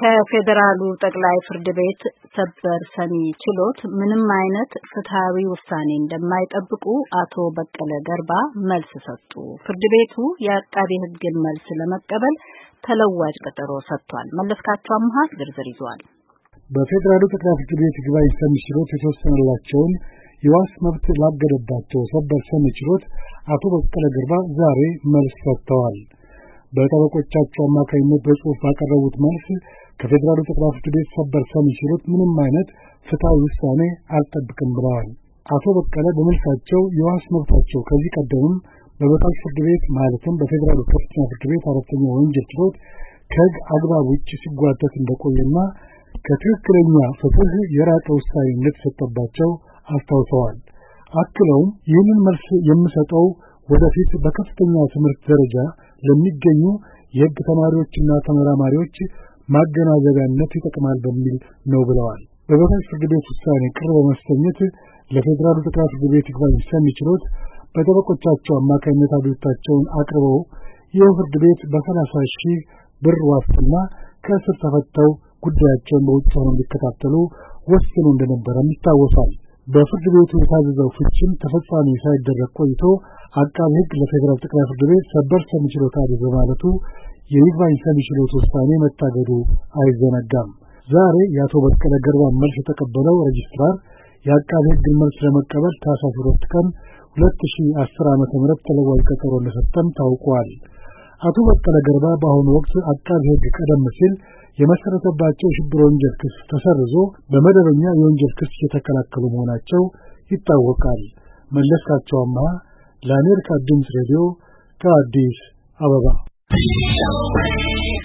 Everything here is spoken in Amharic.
ከፌዴራሉ ጠቅላይ ፍርድ ቤት ሰበር ሰሚ ችሎት ምንም አይነት ፍትሐዊ ውሳኔ እንደማይጠብቁ አቶ በቀለ ገርባ መልስ ሰጡ። ፍርድ ቤቱ የአቃቤ ሕግን መልስ ለመቀበል ተለዋጭ ቀጠሮ ሰጥቷል። መለስካቸው አምሃ ዝርዝር ይዟል። በፌዴራሉ ጠቅላይ ፍርድ ቤት ይግባኝ ሰሚ ችሎት የተወሰነላቸውን የዋስ መብት ላገደባቸው ሰበር ሰሚ ችሎት አቶ በቀለ ገርባ ዛሬ መልስ ሰጥተዋል። በጠበቆቻቸው አማካኝነት በጽሑፍ ባቀረቡት መልስ ከፌዴራሉ ጠቅላይ ፍርድ ቤት ሰበር ሰሚ ችሎት ምንም አይነት ፍትሐዊ ውሳኔ አልጠብቅም ብለዋል። አቶ በቀለ በመልሳቸው የዋስ መብታቸው ከዚህ ቀደምም በበታች ፍርድ ቤት ማለትም በፌዴራሉ ከፍተኛ ፍርድ ቤት አራተኛ ወንጀል ችሎት ከሕግ አግባብ ውጭ ሲጓተት እንደቆየና ከትክክለኛ ፍትህ የራቀ ውሳኔ እንደተሰጠባቸው አስታውሰዋል። አክለውም ይህንን መልስ የምሰጠው ወደፊት በከፍተኛ ትምህርት ደረጃ ለሚገኙ የሕግ ተማሪዎችና ተመራማሪዎች ማገናዘቢያነት ይጠቅማል በሚል ነው ብለዋል። በበታች ፍርድ ቤት ውሳኔ ቅር በመሰኘት ለፌዴራሉ ጠቅላይ ፍርድ ቤት ይግባኝ ሰሚ ችሎት በጠበቆቻቸው አማካኝነት አቤቱታቸውን አቅርበው ይህ ፍርድ ቤት በሰላሳ ሺህ ብር ዋስትና ከእስር ተፈተው ጉዳያቸውን በውጭ ሆነው እንዲከታተሉ ወስኖ እንደነበረም ይታወሳል። በፍርድ ቤቱ የታዘዘው ፍቺም ተፈጻሚ ሳይደረግ ቆይቶ አቃቤ ሕግ ለፌዴራል ጠቅላይ ፍርድ ቤት ሰበር ሰሚ ችሎት አቤት በማለቱ የይግባኝ ሰሚ ችሎት ውሳኔ መታገዱ አይዘነጋም። ዛሬ የአቶ በቀለ ገርባን መልስ የተቀበለው ሬጅስትራር የአቃቤ ሕግን መልስ ለመቀበል ታኅሳስ ሁለት ቀን ሁለት አስር ዓመተ ዓ.ም ተለዋጭ ቀጠሮ እንደሰጠም ታውቋል። አቶ በቀለ ገርባ በአሁኑ ወቅት አቃቢ ሕግ ቀደም ሲል የመሰረተባቸው የሽብር ወንጀል ክስ ተሰርዞ በመደበኛ የወንጀል ክስ የተከላከሉ መሆናቸው ይታወቃል። መለስካቸው አምሃ ለአሜሪካ ድምፅ ሬዲዮ ከአዲስ አበባ